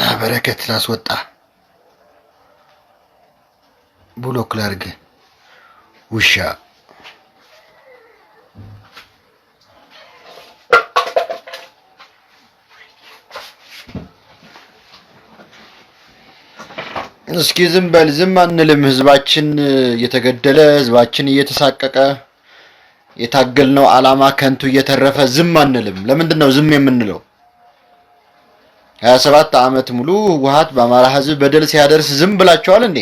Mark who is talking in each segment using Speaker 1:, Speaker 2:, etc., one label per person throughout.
Speaker 1: ና በረከት ላስወጣ ብሎክ ላርግ ውሻ እስኪ ዝም በል ዝም አንልም። ህዝባችን እየተገደለ ህዝባችን እየተሳቀቀ የታገልነው ዓላማ ከንቱ እየተረፈ ዝም አንልም። ለምንድን ነው ዝም የምንለው? 27 አመት ሙሉ ህወሓት በአማራ ህዝብ በደል ሲያደርስ ዝም ብላቸዋል እንዴ?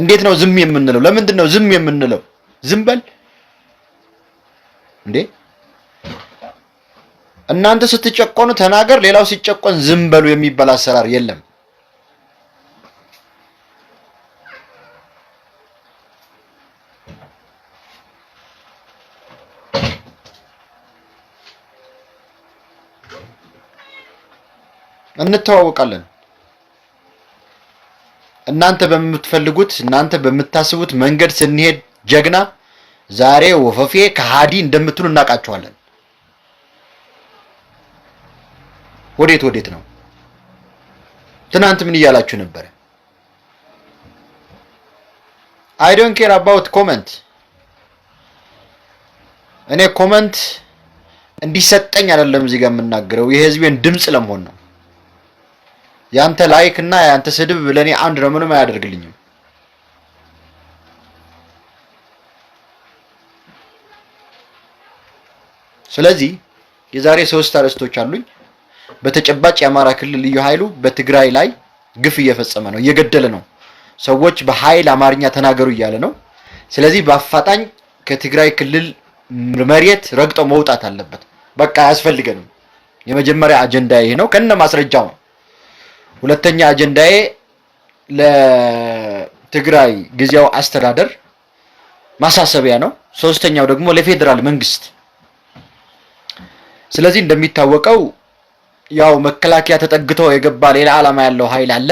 Speaker 1: እንዴት ነው ዝም የምንለው? ለምንድን ነው ዝም የምንለው? ዝም በል እንዴ! እናንተ ስትጨቆኑ ተናገር፣ ሌላው ሲጨቆን ዝም በሉ የሚባል አሰራር የለም። እንተዋወቃለን። እናንተ በምትፈልጉት እናንተ በምታስቡት መንገድ ስንሄድ ጀግና፣ ዛሬ ወፈፌ፣ ከሃዲ እንደምትሉ እናውቃቸዋለን። ወዴት ወዴት ነው? ትናንት ምን እያላችሁ ነበረ? አይ ዶንት ኬር አባውት ኮመንት። እኔ ኮመንት እንዲሰጠኝ አይደለም እዚህ ጋር የምናገረው የህዝቤን ድምፅ ለመሆን ነው። ያንተ ላይክ እና ያንተ ስድብ ለእኔ አንድ ነው፣ ምንም አያደርግልኝም። ስለዚህ የዛሬ ሶስት አርዕስቶች አሉኝ። በተጨባጭ የአማራ ክልል ልዩ ኃይሉ በትግራይ ላይ ግፍ እየፈጸመ ነው፣ እየገደለ ነው። ሰዎች በኃይል አማርኛ ተናገሩ እያለ ነው። ስለዚህ በአፋጣኝ ከትግራይ ክልል መሬት ረግጦ መውጣት አለበት። በቃ አያስፈልገንም። የመጀመሪያ አጀንዳ ይሄ ነው ከነ ማስረጃው ነው። ሁለተኛ አጀንዳዬ ለትግራይ ጊዜያዊ አስተዳደር ማሳሰቢያ ነው። ሶስተኛው ደግሞ ለፌዴራል መንግስት። ስለዚህ እንደሚታወቀው ያው መከላከያ ተጠግቶ የገባ ሌላ ዓላማ ያለው ኃይል አለ።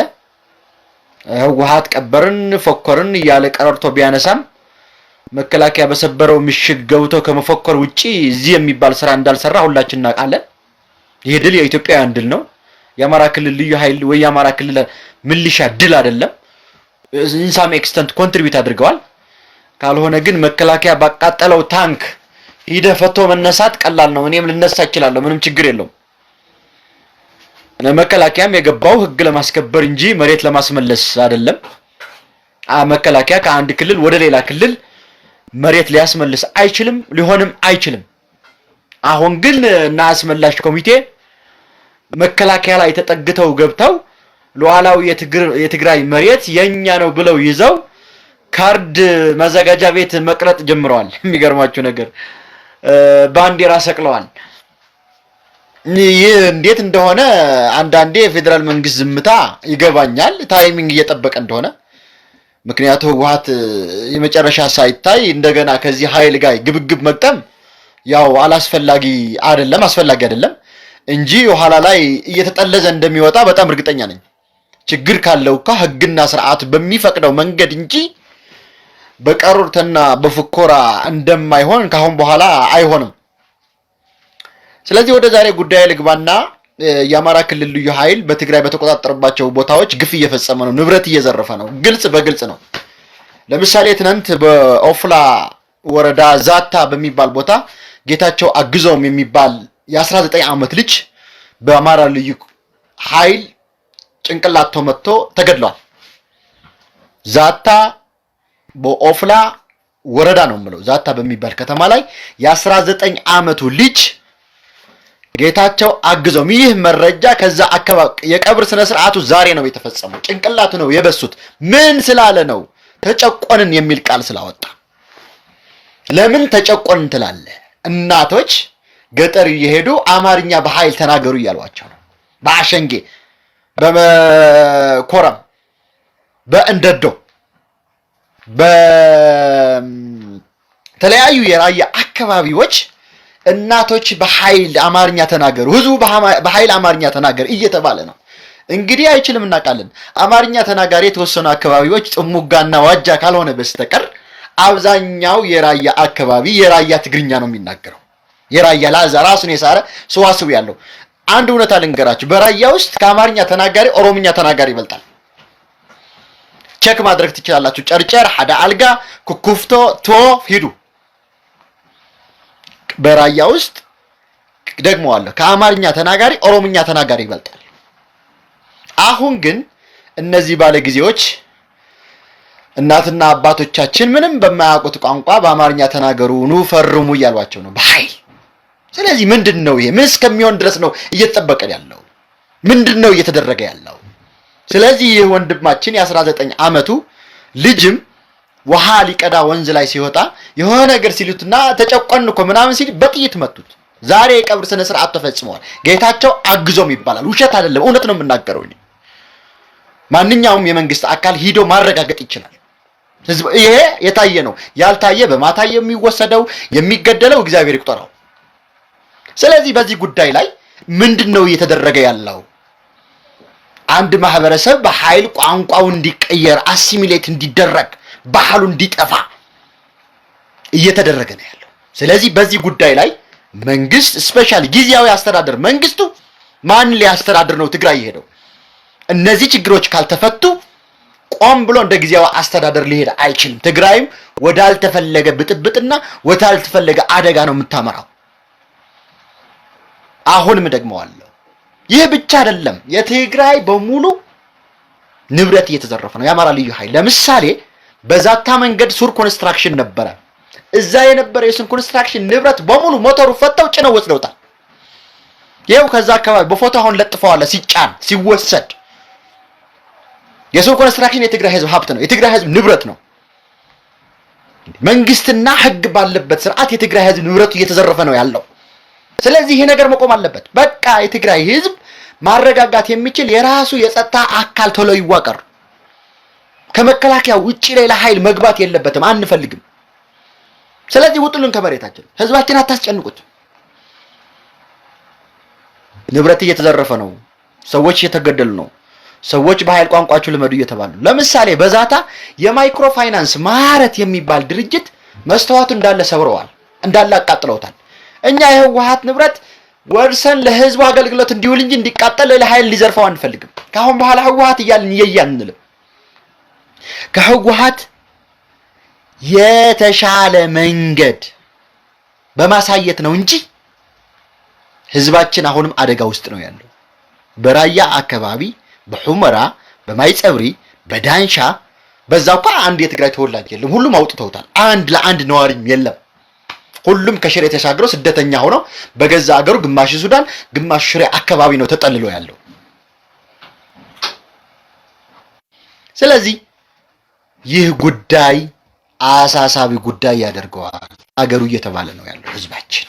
Speaker 1: ህወሓት ቀበርን ፎኮርን እያለ ቀረርቶ ቢያነሳም መከላከያ በሰበረው ምሽግ ገብቶ ከመፎኮር ውጪ እዚህ የሚባል ስራ እንዳልሰራ ሁላችን እናውቃለን። ይህ ድል የኢትዮጵያውያን ድል ነው። የአማራ ክልል ልዩ ኃይል ወይ የአማራ ክልል ምልሻ ድል አይደለም። ኢንሳም ኤክስተንት ኮንትሪቢዩት አድርገዋል። ካልሆነ ግን መከላከያ ባቃጠለው ታንክ ሂደህ ፈቶ መነሳት ቀላል ነው። እኔም ልነሳ እችላለሁ፣ ምንም ችግር የለውም። መከላከያም የገባው ህግ ለማስከበር እንጂ መሬት ለማስመለስ አይደለም። መከላከያ ከአንድ ክልል ወደ ሌላ ክልል መሬት ሊያስመልስ አይችልም፣ ሊሆንም አይችልም። አሁን ግን እና አስመላሽ ኮሚቴ መከላከያ ላይ ተጠግተው ገብተው ሉዓላዊ የትግራይ መሬት የኛ ነው ብለው ይዘው ካርድ ማዘጋጃ ቤት መቅረጥ ጀምረዋል። የሚገርማችሁ ነገር ባንዲራ ሰቅለዋል። ይህ እንዴት እንደሆነ አንዳንዴ የፌዴራል መንግስት ዝምታ ይገባኛል፣ ታይሚንግ እየጠበቀ እንደሆነ። ምክንያቱ ህወሓት የመጨረሻ ሳይታይ እንደገና ከዚህ ኃይል ጋር ግብግብ መግጠም ያው አላስፈላጊ አይደለም፣ አስፈላጊ አይደለም። እንጂ የኋላ ላይ እየተጠለዘ እንደሚወጣ በጣም እርግጠኛ ነኝ። ችግር ካለው እኮ ስርዓት በሚፈቅደው መንገድ እንጂ በቀሩርተና በፉኮራ እንደማይሆን ከአሁን በኋላ አይሆንም። ስለዚህ ወደ ዛሬ ጉዳይ ልግባና የአማራ ክልል ልዩ ኃይል በትግራይ በተቆጣጠረባቸው ቦታዎች ግፍ እየፈጸመ ነው፣ ንብረት እየዘረፈ ነው። ግልጽ በግልጽ ነው። ለምሳሌ ትናንት በኦፍላ ወረዳ ዛታ በሚባል ቦታ ጌታቸው አግዘውም የሚባል የ19 ዓመት ልጅ በአማራ ልዩ ኃይል ጭንቅላት ተመትቶ ተገድሏል። ዛታ በኦፍላ ወረዳ ነው የምለው ዛታ በሚባል ከተማ ላይ የ19 ዓመቱ ልጅ ጌታቸው አግዘውም። ይህ መረጃ ከዛ አካባቢ የቀብር ስነ ስርዓቱ ዛሬ ነው የተፈጸመው። ጭንቅላቱ ነው የበሱት። ምን ስላለ ነው? ተጨቆንን የሚል ቃል ስላወጣ። ለምን ተጨቆንን ትላለህ? እናቶች ገጠር እየሄዱ አማርኛ በኃይል ተናገሩ እያሏቸው ነው። በአሸንጌ በኮረም በእንደዶ በተለያዩ የራያ አካባቢዎች እናቶች በኃይል አማርኛ ተናገሩ፣ ህዝቡ በኃይል አማርኛ ተናገር እየተባለ ነው። እንግዲህ አይችልም፣ እናውቃለን። አማርኛ ተናጋሪ የተወሰኑ አካባቢዎች ጥሙጋና ዋጃ ካልሆነ በስተቀር አብዛኛው የራያ አካባቢ የራያ ትግርኛ ነው የሚናገረው። የራያ ላዛ ራሱን የሳረ ሰዋስው ያለው አንድ እውነታ ልንገራችሁ። በራያ ውስጥ ከአማርኛ ተናጋሪ ኦሮምኛ ተናጋሪ ይበልጣል። ቼክ ማድረግ ትችላላችሁ። ጨርጨር፣ ሐዳ አልጋ፣ ኩኩፍቶ፣ ቶ ሂዱ። በራያ ውስጥ አለ ከአማርኛ ተናጋሪ ኦሮምኛ ተናጋሪ ይበልጣል። አሁን ግን እነዚህ ባለጊዜዎች እናትና አባቶቻችን ምንም በማያውቁት ቋንቋ በአማርኛ ተናገሩ ኑ ፈርሙ እያሏቸው ነው በኃይል ስለዚህ ምንድን ነው ይሄ? ምን እስከሚሆን ድረስ ነው እየተጠበቀን ያለው? ምንድን ነው እየተደረገ ያለው? ስለዚህ ይህ ወንድማችን የ19 ዓመቱ ልጅም ውሃ ሊቀዳ ወንዝ ላይ ሲወጣ የሆነ ነገር ሲሉትና ተጨቆን እኮ ምናምን ሲል በጥይት መቱት። ዛሬ የቀብር ስነ ስርዓት ተፈጽመዋል። ጌታቸው አግዞም ይባላል። ውሸት አይደለም፣ እውነት ነው የምናገረው። ማንኛውም የመንግስት አካል ሂዶ ማረጋገጥ ይችላል። ይሄ የታየ ነው። ያልታየ በማታ የሚወሰደው የሚገደለው እግዚአብሔር ይቁጠራው። ስለዚህ በዚህ ጉዳይ ላይ ምንድን ነው እየተደረገ ያለው? አንድ ማህበረሰብ በኃይል ቋንቋው እንዲቀየር አሲሚሌት እንዲደረግ ባህሉ እንዲጠፋ እየተደረገ ነው ያለው። ስለዚህ በዚህ ጉዳይ ላይ መንግስት ስፔሻሊ ጊዜያዊ አስተዳደር መንግስቱ ማን ሊያስተዳድር ነው ትግራይ የሄደው? እነዚህ ችግሮች ካልተፈቱ ቆም ብሎ እንደ ጊዜያዊ አስተዳደር ሊሄድ አይችልም። ትግራይም ወዳልተፈለገ ብጥብጥና ወዳልተፈለገ አደጋ ነው የምታመራው። አሁንም ደግመዋለሁ። ይህ ብቻ አይደለም። የትግራይ በሙሉ ንብረት እየተዘረፈ ነው። የአማራ ልዩ ኃይል ለምሳሌ በዛታ መንገድ ሱር ኮንስትራክሽን ነበረ። እዛ የነበረ የሱር ኮንስትራክሽን ንብረት በሙሉ ሞተሩ ፈተው ጭነው ወስደውታል። ይኸው ከዛ አካባቢ በፎቶ አሁን ለጥፈዋለ። ሲጫን ሲወሰድ የሱር ኮንስትራክሽን የትግራይ ህዝብ ሀብት ነው። የትግራይ ህዝብ ንብረት ነው። መንግስትና ህግ ባለበት ስርዓት የትግራይ ህዝብ ንብረቱ እየተዘረፈ ነው ያለው። ስለዚህ ይሄ ነገር መቆም አለበት። በቃ የትግራይ ህዝብ ማረጋጋት የሚችል የራሱ የጸጥታ አካል ቶሎ ይዋቀር። ከመከላከያ ውጭ ሌላ ኃይል መግባት የለበትም፣ አንፈልግም። ስለዚህ ውጡልን ከመሬታችን። ህዝባችን አታስጨንቁት። ንብረት እየተዘረፈ ነው። ሰዎች እየተገደሉ ነው። ሰዎች በኃይል ቋንቋችሁ ልመዱ እየተባሉ ለምሳሌ በዛታ የማይክሮ ፋይናንስ ማረት የሚባል ድርጅት መስተዋቱ እንዳለ ሰብረዋል፣ እንዳለ አቃጥለውታል። እኛ የህወሀት ንብረት ወርሰን ለህዝቡ አገልግሎት እንዲውል እንጂ እንዲቃጠል ሌላ ኃይል ሊዘርፈው አንፈልግም። ከአሁን በኋላ ህወሀት እያልን እየያ እንልም። ከህወሀት የተሻለ መንገድ በማሳየት ነው እንጂ ህዝባችን አሁንም አደጋ ውስጥ ነው ያለው። በራያ አካባቢ፣ በሁመራ፣ በማይጸብሪ፣ በዳንሻ በዛ እኳ አንድ የትግራይ ተወላጅ የለም። ሁሉም አውጥተውታል። አንድ ለአንድ ነዋሪም የለም። ሁሉም ከሽሬ ተሻግረው ስደተኛ ሆነው በገዛ አገሩ ግማሽ ሱዳን ግማሽ ሽሬ አካባቢ ነው ተጠልሎ ያለው። ስለዚህ ይህ ጉዳይ አሳሳቢ ጉዳይ ያደርገዋል። አገሩ እየተባለ ነው ያለው ህዝባችን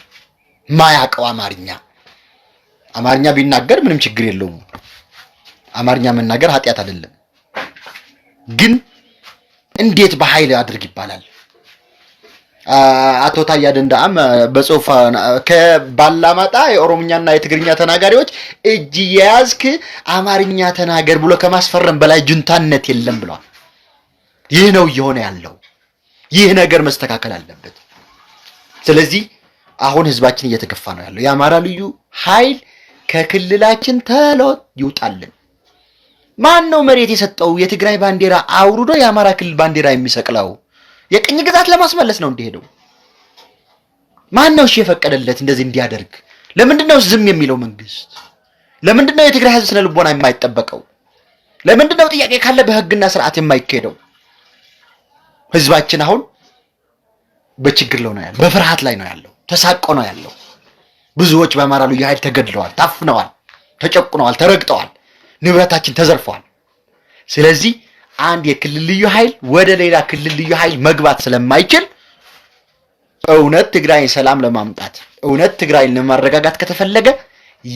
Speaker 1: ማያውቀው አማርኛ አማርኛ ቢናገር ምንም ችግር የለውም። አማርኛ መናገር ኃጢአት አይደለም። ግን እንዴት በኃይል አድርግ ይባላል? አቶ ታያ ደንደአም በጽሁፍ ከባላማጣ የኦሮምኛና የትግርኛ ተናጋሪዎች እጅ የያዝክ አማርኛ ተናገር ብሎ ከማስፈረም በላይ ጅንታነት የለም ብለዋል። ይህ ነው እየሆነ ያለው። ይህ ነገር መስተካከል አለበት። ስለዚህ አሁን ህዝባችን እየተገፋ ነው ያለው። የአማራ ልዩ ኃይል ከክልላችን ተሎት ይውጣልን። ማን ነው መሬት የሰጠው? የትግራይ ባንዲራ አውርዶ የአማራ ክልል ባንዲራ የሚሰቅለው? የቅኝ ግዛት ለማስመለስ ነው እንደሄደው። ማን ነው እሺ የፈቀደለት እንደዚህ እንዲያደርግ? ለምንድን ነው ዝም የሚለው መንግስት? ለምንድን ነው የትግራይ ህዝብ ስነ ልቦና የማይጠበቀው? ለምንድን ነው ጥያቄ ካለ በህግና ስርዓት የማይካሄደው? ህዝባችን አሁን በችግር ላይ ነው ያለው፣ በፍርሃት ላይ ነው ያለው፣ ተሳቆ ነው ያለው። ብዙዎች በአማራ ልዩ ኃይል ተገድለዋል፣ ታፍነዋል፣ ተጨቁነዋል፣ ተረግጠዋል፣ ንብረታችን ተዘርፈዋል። ስለዚህ አንድ የክልል ልዩ ኃይል ወደ ሌላ ክልል ልዩ ኃይል መግባት ስለማይችል እውነት ትግራይን ሰላም ለማምጣት እውነት ትግራይን ለማረጋጋት ከተፈለገ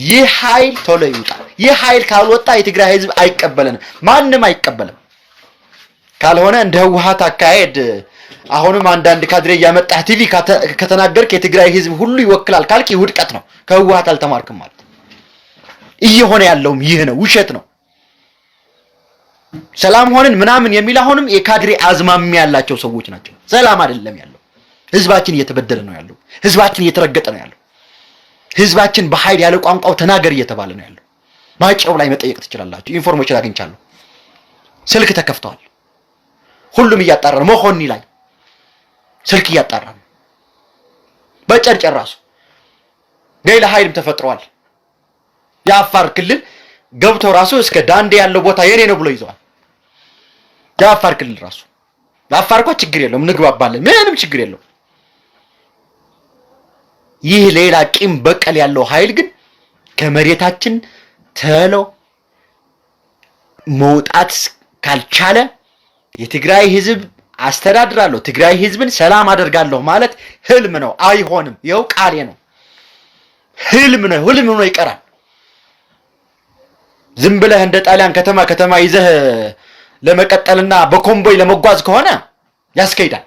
Speaker 1: ይህ ኃይል ቶሎ ይውጣ። ይህ ኃይል ካልወጣ የትግራይ ህዝብ አይቀበለንም፣ ማንም አይቀበልም። ካልሆነ እንደ አካሄድ አሁንም አንዳንድ ካድሬ እያመጣህ ቲቪ ከተናገርክ የትግራይ ህዝብ ሁሉ ይወክላል ካልክ ውድቀት ነው። ከህወሓት አልተማርክም ማለት እየሆነ ያለውም ይህ ነው፣ ውሸት ነው። ሰላም ሆንን ምናምን የሚል አሁንም የካድሬ አዝማሚ ያላቸው ሰዎች ናቸው። ሰላም አይደለም ያለው። ህዝባችን እየተበደለ ነው ያለው። ህዝባችን እየተረገጠ ነው ያለው። ህዝባችን በኃይል ያለ ቋንቋው ተናገር እየተባለ ነው ያለው። ማጨው ላይ መጠየቅ ትችላላችሁ። ኢንፎርሜሽን አግኝቻለሁ። ስልክ ተከፍተዋል። ሁሉም እያጣራ ነው። መሆኒ ላይ ስልክ እያጣራ ነው። በጨርጨር ራሱ ሌላ ኃይልም ተፈጥሯል። የአፋር ክልል ገብቶ ራሱ እስከ ዳንዴ ያለው ቦታ የኔ ነው ብሎ ይዘዋል። የአፋር ክልል ራሱ ለአፋር እኮ ችግር የለውም እንግባባለን፣ ምንም ችግር የለውም። ይህ ሌላ ቂም በቀል ያለው ኃይል ግን ከመሬታችን ተሎ መውጣት ካልቻለ የትግራይ ህዝብ አስተዳድራለሁ፣ ትግራይ ህዝብን ሰላም አደርጋለሁ ማለት ህልም ነው፣ አይሆንም። ይኸው ቃሌ ነው። ህልም ነው፣ ህልም ነው፣ ይቀራል። ዝም ብለህ እንደ ጣሊያን ከተማ ከተማ ይዘህ ለመቀጠልና በኮምቦይ ለመጓዝ ከሆነ ያስኬዳል።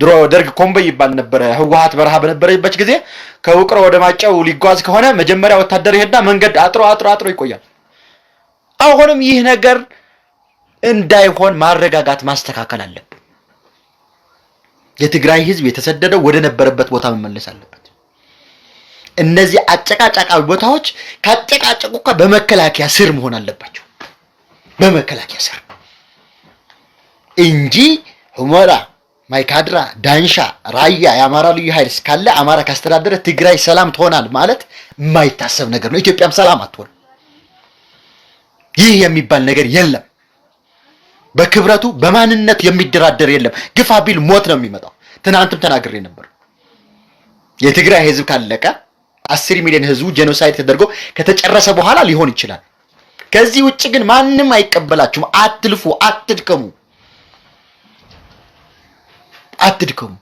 Speaker 1: ድሮ ደርግ ኮምቦይ ይባል ነበረ። ህወሀት በረሃ በነበረበት ጊዜ ከውቅሮ ወደ ማጨው ሊጓዝ ከሆነ መጀመሪያ ወታደር ይሄድና መንገድ አጥሮ አጥሮ አጥሮ ይቆያል። አሁንም ይህ ነገር እንዳይሆን ማረጋጋት ማስተካከል አለብን። የትግራይ ህዝብ የተሰደደው ወደ ነበረበት ቦታ መመለስ አለበት። እነዚህ አጨቃጫቃዊ ቦታዎች ከአጨቃጨቁ በመከላከያ ስር መሆን አለባቸው። በመከላከያ ስር እንጂ ሁመራ፣ ማይካድራ፣ ዳንሻ፣ ራያ የአማራ ልዩ ኃይል እስካለ አማራ ካስተዳደረ ትግራይ ሰላም ትሆናል ማለት የማይታሰብ ነገር ነው። ኢትዮጵያም ሰላም አትሆን። ይህ የሚባል ነገር የለም። በክብረቱ በማንነት የሚደራደር የለም። ግፋ ቢል ሞት ነው የሚመጣው። ትናንትም ተናግሬ ነበር። የትግራይ ህዝብ ካለቀ አስር ሚሊዮን ህዝቡ ጄኖሳይድ ተደርጎ ከተጨረሰ በኋላ ሊሆን ይችላል። ከዚህ ውጭ ግን ማንም አይቀበላችሁም። አትልፉ፣ አትድከሙ፣ አትድከሙ።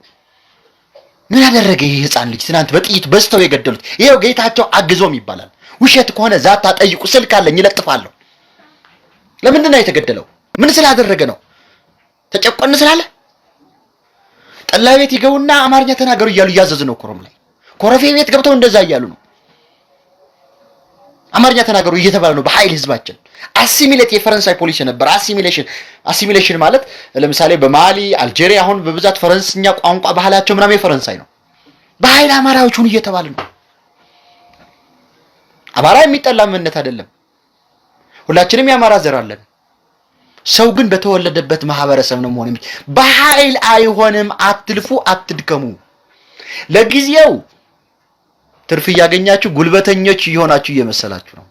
Speaker 1: ምን አደረገ ይህ ህፃን ልጅ? ትናንት በጥይት በዝተው የገደሉት ይኸው ጌታቸው አግዞም ይባላል። ውሸት ከሆነ ዛታ ጠይቁ፣ ስልክ አለኝ ይለጥፋለሁ። ለምንድን ነው የተገደለው? ምን ስላደረገ ነው? ተጨቆን ስላለ ጠላ ቤት ይገቡና አማርኛ ተናገሩ እያሉ እያዘዝ ነው። ኮረም ላይ ኮረፌ ቤት ገብተው እንደዛ እያሉ ነው። አማርኛ ተናገሩ እየተባለ ነው በኃይል ህዝባችን። አሲሚሌት የፈረንሳይ ፖሊሲ ነበር። አሲሚሌሽን አሲሚሌሽን ማለት ለምሳሌ በማሊ አልጄሪያ፣ አሁን በብዛት ፈረንስኛ ቋንቋ ባህላቸው ምናምን የፈረንሳይ ነው። በኃይል አማራዎች ሁኑ እየተባለ ነው። አማራ የሚጠላ እምነት አይደለም። ሁላችንም የአማራ ዘር አለን። ሰው ግን በተወለደበት ማህበረሰብ ነው መሆን። በኃይል አይሆንም። አትልፉ፣ አትድከሙ። ለጊዜው ትርፍ እያገኛችሁ ጉልበተኞች እየሆናችሁ እየመሰላችሁ ነው።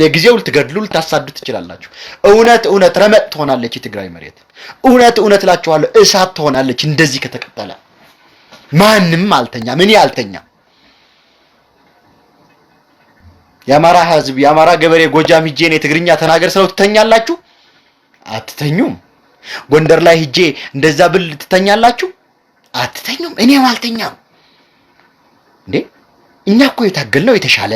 Speaker 1: ለጊዜው ልትገድሉ ልታሳዱ ትችላላችሁ። እውነት እውነት ረመጥ ትሆናለች የትግራይ መሬት። እውነት እውነት እላችኋለሁ እሳት ትሆናለች እንደዚህ ከተቀጠለ። ማንም አልተኛ፣ ምን አልተኛም። የአማራ ህዝብ የአማራ ገበሬ ጎጃም ሂጄ እኔ ትግርኛ ተናገር ስለው ትተኛላችሁ? አትተኙም። ጎንደር ላይ ሂጄ እንደዛ ብል ትተኛላችሁ? አትተኙም። እኔም አልተኛም እንዴ እኛ እኮ የታገልነው የተሻለ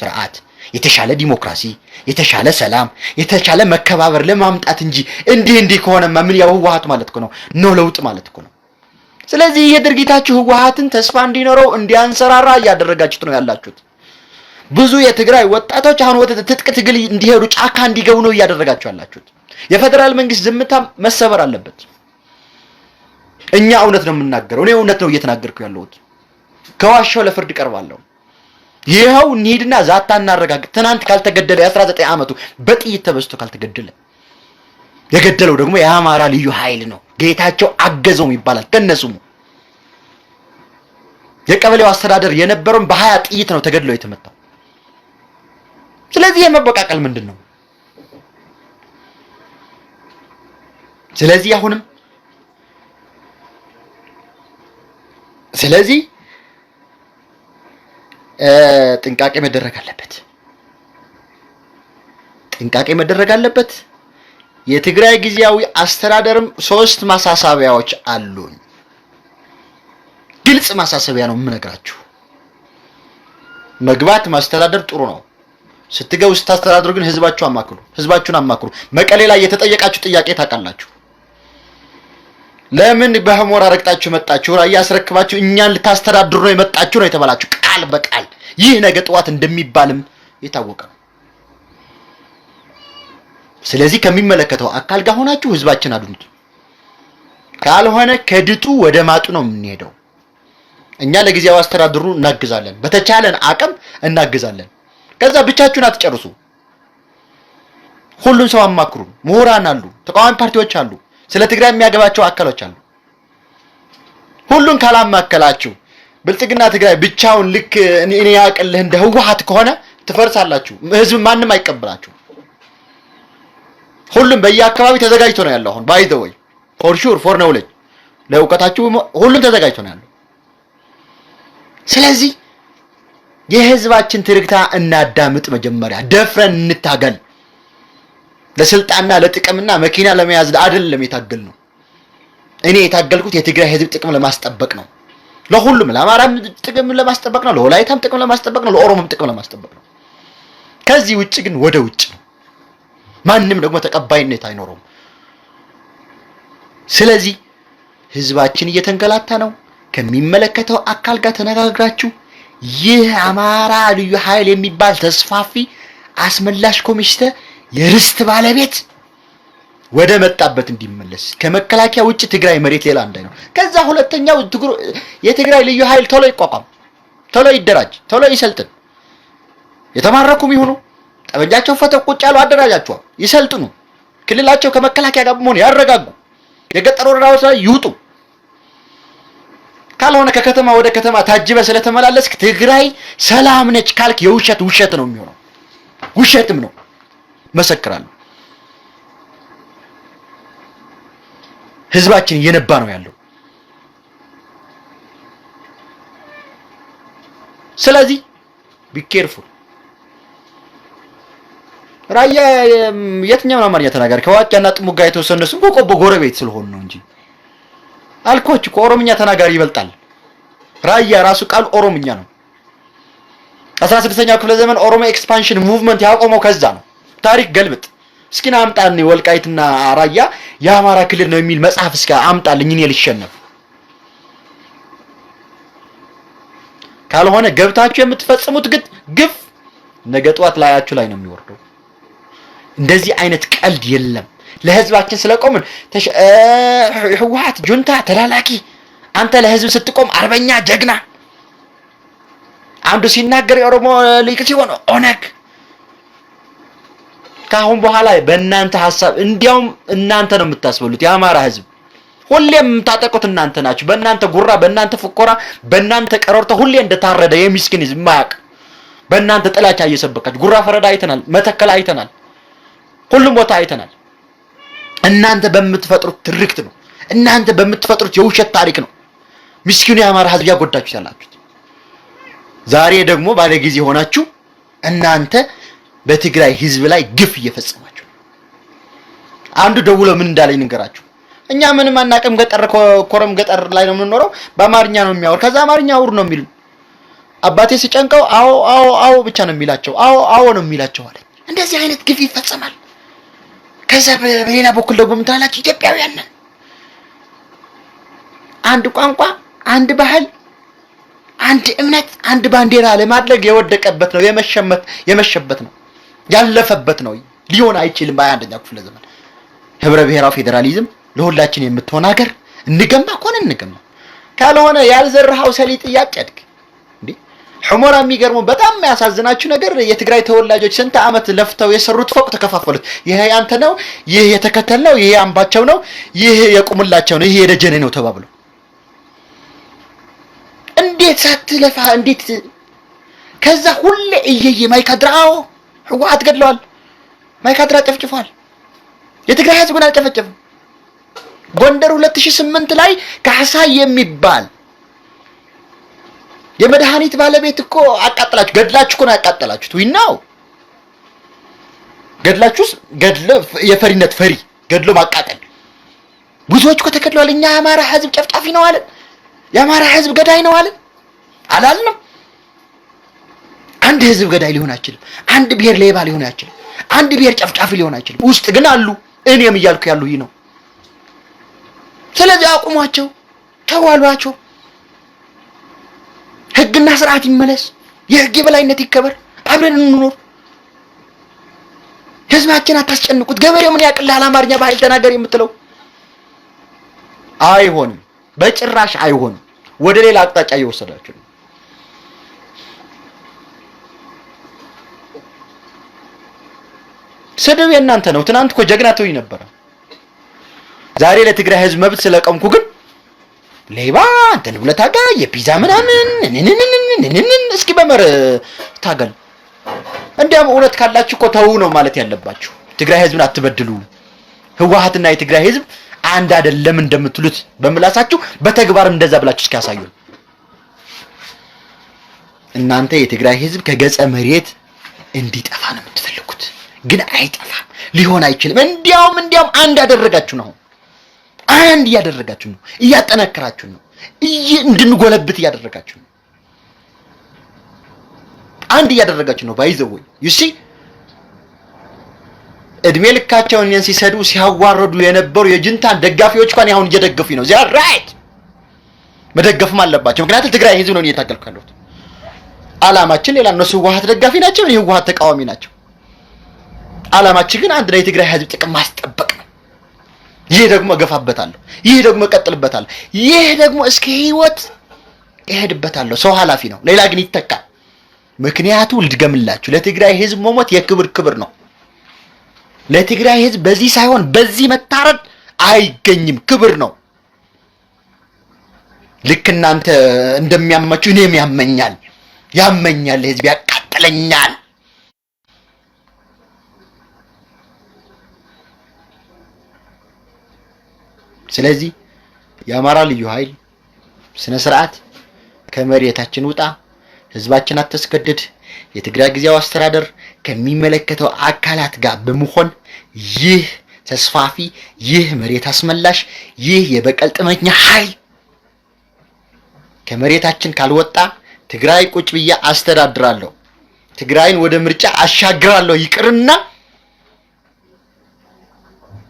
Speaker 1: ስርዓት፣ የተሻለ ዲሞክራሲ፣ የተሻለ ሰላም፣ የተሻለ መከባበር ለማምጣት እንጂ እንዲህ እንዲህ ከሆነማ ምን ያው ህወሓት ማለት እኮ ነው ነው ለውጥ ማለት እኮ ነው። ስለዚህ ድርጊታችሁ ህወሓትን ተስፋ እንዲኖረው እንዲያንሰራራ እያደረጋችሁት ነው ያላችሁት። ብዙ የትግራይ ወጣቶች አሁን ወደ ትጥቅ ትግል እንዲሄዱ ጫካ እንዲገቡ ነው እያደረጋችሁ ያላችሁት። የፌዴራል መንግስት ዝምታ መሰበር አለበት። እኛ እውነት ነው የምናገረው። እኔ እውነት ነው እየተናገርኩ ያለሁት። ከዋሻው ለፍርድ ቀርባለሁ። ይኸው እንሂድና ዛታ እናረጋግጥ። ትናንት ካልተገደለ የ ዘጠ ዓመቱ በጥይት ተበስቶ ካልተገደለ የገደለው ደግሞ የአማራ ልዩ ኃይል ነው። ጌታቸው አገዘውም ይባላል። ከነሱም የቀበሌው አስተዳደር የነበረውን በሀያ ጥይት ነው ተገድለው የተመታው። ስለዚህ የመበቃቀል ምንድን ነው? ስለዚህ አሁንም ስለዚህ ጥንቃቄ መደረግ አለበት። ጥንቃቄ መደረግ አለበት። የትግራይ ጊዜያዊ አስተዳደርም ሶስት ማሳሰቢያዎች አሉኝ። ግልጽ ማሳሰቢያ ነው የምነግራችሁ። መግባት ማስተዳደር ጥሩ ነው። ስትገቡ ስታስተዳድሩ ግን ህዝባችሁ አማክሩ፣ ህዝባችሁን አማክሩ። መቀሌ ላይ የተጠየቃችሁ ጥያቄ ታውቃላችሁ። ለምን በህሞራ ረግጣችሁ መጣችሁ? ራያ አስረክባችሁ እኛን ልታስተዳድሩ ነው የመጣችሁ ነው የተባላችሁ ቃል በቃል ይህ ነገ ጠዋት እንደሚባልም የታወቀ ነው። ስለዚህ ከሚመለከተው አካል ጋር ሆናችሁ ህዝባችን አድኑት። ካልሆነ ከድጡ ወደ ማጡ ነው የምንሄደው። እኛ ለጊዜያዊ አስተዳድሩ እናግዛለን፣ በተቻለን አቅም እናግዛለን። ከዛ ብቻችሁን አትጨርሱ። ሁሉም ሰው አማክሩ። ምሁራን አሉ፣ ተቃዋሚ ፓርቲዎች አሉ፣ ስለ ትግራይ የሚያገባቸው አካሎች አሉ። ሁሉን ካላማከላችሁ ብልጽግና ትግራይ ብቻውን ልክ እኔ ያቅልህ እንደ ህወሀት ከሆነ ትፈርሳላችሁ። ህዝብ ማንም አይቀበላችሁ። ሁሉም በየአካባቢ ተዘጋጅቶ ነው ያለው። አሁን ባይ ዘ ወይ ፎር ሹር ፎር ነው ለእውቀታችሁ ሁሉም ተዘጋጅቶ ነው ያለው። ስለዚህ የህዝባችን ትርክታ እናዳምጥ። መጀመሪያ ደፍረን እንታገል። ለስልጣንና ለጥቅምና መኪና ለመያዝ አይደለም ነው። እኔ የታገልኩት የትግራይ ህዝብ ጥቅም ለማስጠበቅ ነው። ለሁሉም ለአማራም ጥቅም ለማስጠበቅ ነው፣ ለወላይታም ጥቅም ለማስጠበቅ ነው፣ ለኦሮሞም ጥቅም ለማስጠበቅ ነው። ከዚህ ውጭ ግን ወደ ውጭ ነው። ማንም ደግሞ ተቀባይነት አይኖረውም። ስለዚህ ህዝባችን እየተንገላታ ነው። ከሚመለከተው አካል ጋር ተነጋግራችሁ ይህ አማራ ልዩ ኃይል የሚባል ተስፋፊ አስመላሽ ኮሚሽተ የርስት ባለቤት ወደ መጣበት እንዲመለስ ከመከላከያ ውጭ ትግራይ መሬት ሌላ ነው። ከዛ ሁለተኛው የትግራይ ልዩ ኃይል ቶሎ ይቋቋም፣ ቶሎ ይደራጅ፣ ቶሎ ይሰልጥን። የተማረኩም ይሁኑ ጠበጃቸው ፈተው ቁጭ ያሉ አደራጃቸዋል፣ ይሰልጥኑ። ክልላቸው ከመከላከያ ጋር መሆን ያረጋጉ። የገጠር ወረዳዎች ላይ ይውጡ። ካልሆነ ከከተማ ወደ ከተማ ታጅበ ስለተመላለስክ ትግራይ ሰላም ነች ካልክ የውሸት ውሸት ነው የሚሆነው፣ ውሸትም ነው። መሰክራለሁ። ህዝባችን እየነባ ነው ያለው። ስለዚህ ቢኬርፉል ራያ የትኛውን አማርኛ ተናጋሪ ከዋቂያና ጥሙጋ የተወሰነሱ ስንኮ ቆቦ ጎረቤት ስለሆን ነው እንጂ አልኮች እኮ ኦሮምኛ ተናጋሪ ይበልጣል። ራያ ራሱ ቃል ኦሮምኛ ነው። 16ኛው ክፍለ ዘመን ኦሮሞ ኤክስፓንሽን ሙቭመንት ያቆመው ከዛ ነው። ታሪክ ገልብጥ። እስኪን አምጣን ወልቃይትና ራያ የአማራ ክልል ነው የሚል መጽሐፍ እስኪ አምጣልኝ እኔ ልሸነፍ። ካልሆነ ገብታችሁ የምትፈጽሙት ግጥ ግፍ ነገ ጠዋት ላያችሁ ላይ ነው የሚወርደው። እንደዚህ አይነት ቀልድ የለም። ለህዝባችን ስለቆምን ህወሓት ጁንታ ተላላኪ፣ አንተ ለህዝብ ስትቆም አርበኛ ጀግና። አንዱ ሲናገር የኦሮሞ ሊቅ ሲሆን ኦነግ ከአሁን በኋላ በእናንተ ሀሳብ እንዲያውም እናንተ ነው የምታስበሉት። የአማራ ህዝብ ሁሌም የምታጠቁት እናንተ ናችሁ። በእናንተ ጉራ፣ በእናንተ ፍቆራ፣ በእናንተ ቀረርቶ ሁሌ እንደታረደ የሚስኪን ህዝብ ማያቅ በእናንተ ጥላቻ እየሰበካችሁ ጉራ ፈረዳ አይተናል፣ መተከል አይተናል፣ ሁሉም ቦታ አይተናል። እናንተ በምትፈጥሩት ትርክት ነው፣ እናንተ በምትፈጥሩት የውሸት ታሪክ ነው ምስኪኑ የአማራ ህዝብ ያጎዳችሁ ያላችሁት። ዛሬ ደግሞ ባለጊዜ ሆናችሁ እናንተ በትግራይ ህዝብ ላይ ግፍ እየፈጸማችሁ አንዱ ደውሎ ምን እንዳለኝ ንገራችሁ። እኛ ምንም አናቅም፣ ገጠር ኮረም ገጠር ላይ ነው የምንኖረው። በአማርኛ ነው የሚያወር፣ ከዛ አማርኛ አውር ነው የሚሉ። አባቴ ሲጨንቀው አዎ አዎ አዎ ብቻ ነው የሚላቸው፣ አዎ አዎ ነው የሚላቸው አለ። እንደዚህ አይነት ግፍ ይፈጸማል። ከዛ በሌላ በኩል ደግሞ ምን ትላላችሁ? ኢትዮጵያውያን ነን፣ አንድ ቋንቋ፣ አንድ ባህል፣ አንድ እምነት፣ አንድ ባንዲራ ለማድረግ የወደቀበት ነው የመሸመት የመሸበት ነው። ያለፈበት ነው፣ ሊሆን አይችልም። በሃያ አንደኛ ክፍለ ዘመን ህብረ ብሔራዊ ፌዴራሊዝም ለሁላችን የምትሆን ሀገር እንገማ ከሆነ እንገማ፣ ካልሆነ ያልዘራኸው ሰሊጥ እያጨድክ እንዴ ሑመራ። የሚገርመው በጣም የሚያሳዝናችሁ ነገር የትግራይ ተወላጆች ስንት ዓመት ለፍተው የሰሩት ፎቅ ተከፋፈሉት። ይሄ ያንተ ነው፣ ይህ የተከተል ነው፣ ይሄ አምባቸው ነው፣ ይህ የቁምላቸው ነው፣ ይሄ የደጀኔ ነው ተባብሎ እንዴት ሳትለፋ እንዴት ከዛ ሁሌ እየየ ማይካድራው ህወሓት ገድለዋል። ማይካድራ ጨፍጭፏል። የትግራይ ህዝብ ግን አልጨፈጨፍም። ጎንደር 2008 ላይ ካሳ የሚባል የመድኃኒት ባለቤት እኮ አቃጠላችሁ፣ ገድላችሁ እኮ ነው ያቃጠላችሁት። ዊናው ገድላችሁስ ገድሎ የፈሪነት ፈሪ ገድሎ ማቃጠል ብዙዎች እኮ ተገድለዋል። እኛ የአማራ ህዝብ ጨፍጫፊ ነው አለን። የአማራ ህዝብ ገዳይ ነው አለን አላልንም። አንድ ህዝብ ገዳይ ሊሆን አይችልም። አንድ ብሔር ሌባ ሊሆን አይችልም። አንድ ብሔር ጨፍጫፊ ሊሆን አይችልም። ውስጥ ግን አሉ። እኔም እያልኩ ያሉ ይህ ነው። ስለዚህ አቁሟቸው፣ ተዋሏቸው። ህግና ስርዓት ይመለስ። የህግ የበላይነት ይከበር። አብረን እንኖር። ህዝባችን አታስጨንቁት። ገበሬው ምን ያቅልሃል? አማርኛ በኃይል ተናገር የምትለው አይሆንም፣ በጭራሽ አይሆንም። ወደ ሌላ አቅጣጫ እየወሰዳችሁ ነው። ስድብ የእናንተ ነው። ትናንት እኮ ጀግና ትሆኝ ነበረ። ዛሬ ለትግራይ ህዝብ መብት ስለቀምኩ ግን ሌባ እንትን ብለህ ታጋይ የፒዛ ምናምን ንንንንንንንን እስኪ በመር ታገል። እንዲያም እውነት ካላችሁ እኮ ተው ነው ማለት ያለባችሁ። ትግራይ ህዝብን አትበድሉ። ህወሓትና የትግራይ ህዝብ አንድ አይደለም እንደምትሉት በምላሳችሁ በተግባርም እንደዛ ብላችሁ እስኪ ያሳዩ። እናንተ የትግራይ ህዝብ ከገጸ መሬት እንዲጠፋ ነው የምትፈልጉት። ግን አይጠፋም፣ ሊሆን አይችልም። እንዲያውም እንዲያውም አንድ ያደረጋችሁ ነው። አንድ እያደረጋችሁ ነው፣ እያጠናከራችሁ ነው፣ እንድንጎለብት እያደረጋችሁ ነው። አንድ እያደረጋችሁ ነው። ባይዘው ዩሲ እድሜ ልካቸውን እኔን ሲሰዱ ሲያዋረዱ የነበሩ የጅንታን ደጋፊዎች እንኳን አሁን እየደገፉኝ ነው። ዚያ ራይት መደገፍም አለባቸው። ምክንያቱም ትግራይ ህዝብ ነው እየታገልኩ ያለሁት። አላማችን ሌላ። እነሱ ህወሀት ደጋፊ ናቸው፣ እኔ ተቃዋሚ ናቸው። አላማችን ግን አንድ ላይ የትግራይ ህዝብ ጥቅም ማስጠበቅ ነው። ይህ ደግሞ እገፋበታለሁ፣ ይህ ደግሞ እቀጥልበታለሁ፣ ይህ ደግሞ እስከ ህይወት እሄድበታለሁ። ሰው ኃላፊ ነው። ሌላ ግን ይተካል። ምክንያቱ ልድገምላችሁ፣ ለትግራይ ህዝብ መሞት የክብር ክብር ነው። ለትግራይ ህዝብ በዚህ ሳይሆን በዚህ መታረድ አይገኝም፣ ክብር ነው። ልክ እናንተ እኔም ያመኛል፣ ያመኛል፣ ለህዝብ ያቃጥለኛል። ስለዚህ የአማራ ልዩ ኃይል ስነ ስርዓት ከመሬታችን ውጣ፣ ህዝባችን አተስገድድ፣ የትግራይ ጊዜያዊ አስተዳደር ከሚመለከተው አካላት ጋር በመሆን ይህ ተስፋፊ ይህ መሬት አስመላሽ ይህ የበቀል ጥመኛ ኃይል ከመሬታችን ካልወጣ ትግራይ ቁጭ ብዬ አስተዳድራለሁ፣ ትግራይን ወደ ምርጫ አሻግራለሁ ይቅርና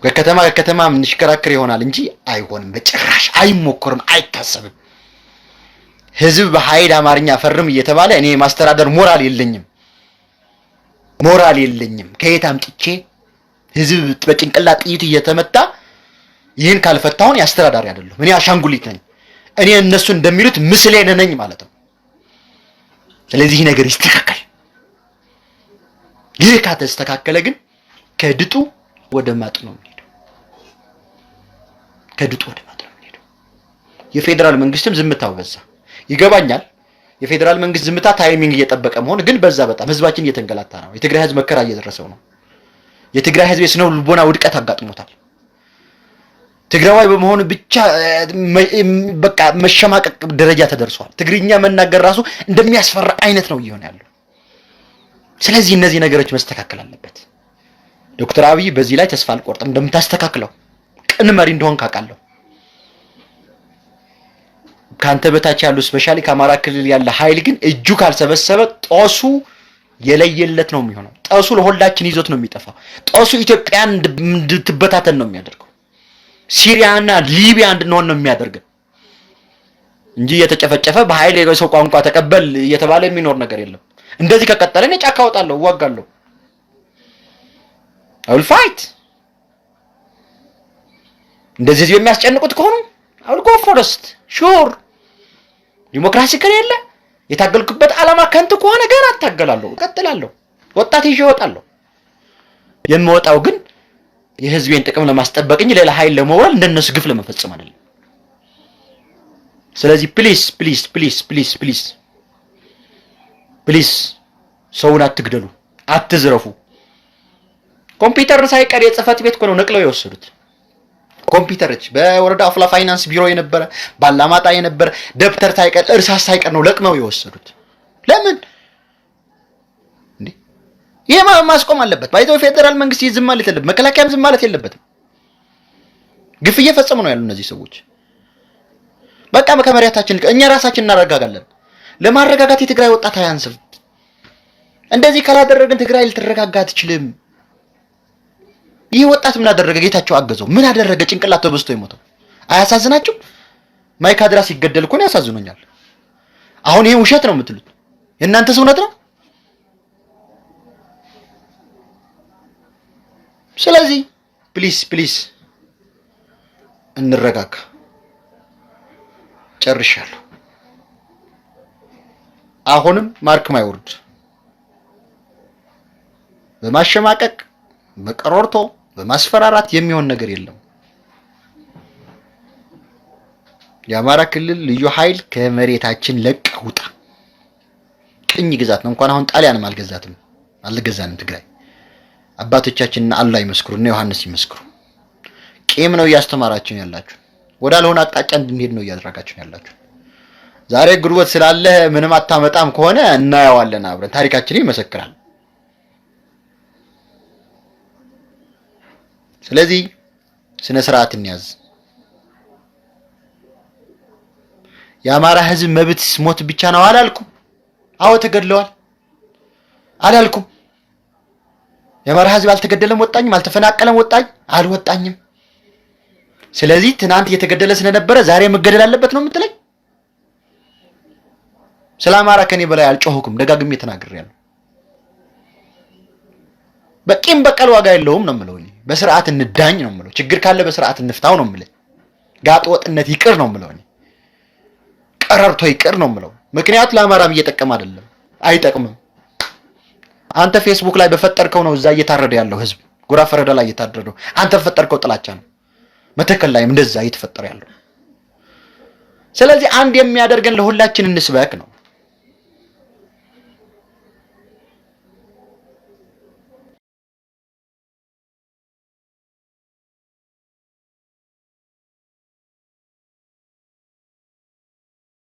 Speaker 1: ከከተማ ከከተማ እንሽከራክር ይሆናል እንጂ አይሆንም፣ በጭራሽ አይሞከርም፣ አይታሰብም። ህዝብ በሀይል አማርኛ ፈርም እየተባለ እኔ የማስተዳደር ሞራል የለኝም፣ ሞራል የለኝም። ከየት አምጥቼ ህዝብ በጭንቅላ ጥይት እየተመታ ይህን ካልፈታሁን ያስተዳዳሪ አይደለሁም። እኔ አሻንጉሊት ነኝ። እኔ እነሱ እንደሚሉት ምስሌ ነኝ ማለት ነው። ስለዚህ ነገር ይስተካከል። ይህ ካተስተካከለ ግን ከድጡ ወደ ማጥ ነው የሚሄደው፣ ከድጡ ወደ ማጥ ነው የሚሄደው። የፌዴራል መንግስትም ዝምታው በዛ። ይገባኛል። የፌዴራል መንግስት ዝምታ ታይሚንግ እየጠበቀ መሆን ግን በዛ። በጣም ህዝባችን እየተንገላታ ነው። የትግራይ ህዝብ መከራ እየደረሰው ነው። የትግራይ ህዝብ የስነ ልቦና ውድቀት አጋጥሞታል። ትግራዋይ በመሆኑ ብቻ በቃ መሸማቀቅ ደረጃ ተደርሷል። ትግርኛ መናገር ራሱ እንደሚያስፈራ አይነት ነው እየሆነ ያለው። ስለዚህ እነዚህ ነገሮች መስተካከል አለበት። ዶክተር አብይ በዚህ ላይ ተስፋ አልቆርጥም። እንደምታስተካክለው ቅን መሪ እንደሆን ካውቃለሁ። ካንተ በታች ያሉ ስፔሻሊ ከአማራ ክልል ያለ ኃይል ግን እጁ ካልሰበሰበ ጦሱ የለየለት ነው የሚሆነው። ጦሱ ለሁላችን ይዞት ነው የሚጠፋው። ጦሱ ኢትዮጵያን እንድትበታተን ነው የሚያደርገው። ሲሪያና ሊቢያ እንድንሆን ነው የሚያደርግን እንጂ እየተጨፈጨፈ በኃይል የሰው ቋንቋ ተቀበል እየተባለ የሚኖር ነገር የለም። እንደዚህ ከቀጠለ እኔ ጫካ እወጣለሁ፣ እዋጋለሁ። አውል ፋይት እንደዚህ ህዝብ የሚያስጨንቁት ከሆኑ አውል ጎ ፎረስት ሹር ዲሞክራሲ ከሌለ የታገልኩበት ዓላማ ከንቱ ከሆነ ገና አታገላለሁ፣ እቀጥላለሁ፣ ወጣት ይዤ እወጣለሁ። የምወጣው ግን የህዝቤን ጥቅም ለማስጠበቅ እንጂ ሌላ ኃይል ለመወል እንደነሱ ግፍ ለመፈጸም አይደለም። ስለዚህ ፕሊስ ፕሊስ ፕሊስ ፕሊስ ፕሊስ ፕሊስ ሰውን አትግደሉ፣ አትዝረፉ። ኮምፒውተር ሳይቀር የጽህፈት ቤት እኮ ነው ነቅለው የወሰዱት። ኮምፒውተሮች በወረዳ አፍላ ፋይናንስ ቢሮ የነበረ ባላማጣ የነበረ ደብተር ሳይቀር እርሳስ ሳይቀር ነው ለቅመው የወሰዱት። ለምን ይሄ ማስቆም አለበት። ባይዘው ፌዴራል መንግስት ይህ ዝም ማለት የለበትም፣ መከላከያም ዝም ማለት የለበትም። ግፍ እየፈጸሙ ነው ያሉ እነዚህ ሰዎች። በቃ ከመሪያታችን እኛ ራሳችን እናረጋጋለን። ለማረጋጋት የትግራይ ወጣት አያንስም። እንደዚህ ካላደረግን ትግራይ ልትረጋጋ አትችልም። ይህ ወጣት ምን አደረገ? ጌታቸው አገዘው ምን አደረገ? ጭንቅላት ተበስቶ የሞተው አያሳዝናችሁ? ማይካድራ ሲገደል እኮ ነው ያሳዝኖኛል። አሁን ይሄ ውሸት ነው የምትሉት የእናንተ እውነት ነው። ስለዚህ ፕሊስ ፕሊስ እንረጋጋ። ጨርሻለሁ። አሁንም ማርክ ማይወርድ በማሸማቀቅ በቀሮርቶ በማስፈራራት የሚሆን ነገር የለም። የአማራ ክልል ልዩ ኃይል ከመሬታችን ለቀ ውጣ። ቅኝ ግዛት ነው። እንኳን አሁን ጣሊያንም አልገዛትም አልገዛንም ትግራይ። አባቶቻችንና አላህ ይመስክሩ እና ዮሐንስ ይመስክሩ። ቂም ነው እያስተማራችሁን ያላችሁ፣ ወዳልሆነ አቅጣጫ እንድንሄድ ነው እያደረጋችሁን ያላችሁ። ዛሬ ጉልበት ስላለህ ምንም አታመጣም ከሆነ እናየዋለን አብረን፣ ታሪካችን ይመሰክራል። ስለዚህ ስነ ስርዓት እንያዝ። የአማራ ህዝብ መብት ሞት ብቻ ነው አላልኩም። አዎ ተገድለዋል አላልኩም። የአማራ ህዝብ አልተገደለም ወጣኝም፣ አልተፈናቀለም ወጣኝ አልወጣኝም። ስለዚህ ትናንት እየተገደለ ስለነበረ ዛሬ መገደል አለበት ነው የምትለኝ? ስለ አማራ ከኔ በላይ አልጮህኩም፣ ደጋግሜ ተናግሬያለሁ። በቂም በቀል ዋጋ የለውም ነው የምለው። በስርዓት እንዳኝ ነው የምለው። ችግር ካለ በስርዓት እንፍታው ነው የምለው። ጋጥ ወጥነት ይቅር ነው የምለው። ቀረርቶ ይቅር ነው የምለው። ምክንያቱ ለአማራም እየጠቀም አይደለም፣ አይጠቅምም። አንተ ፌስቡክ ላይ በፈጠርከው ነው እዛ እየታረደ ያለው ህዝብ፣ ጉራ ፈረዳ ላይ እየታረደ ነው። አንተ በፈጠርከው ጥላቻ ነው መተከል ላይም እንደዛ እየተፈጠረ ያለው። ስለዚህ አንድ የሚያደርገን ለሁላችን እንስበክ ነው።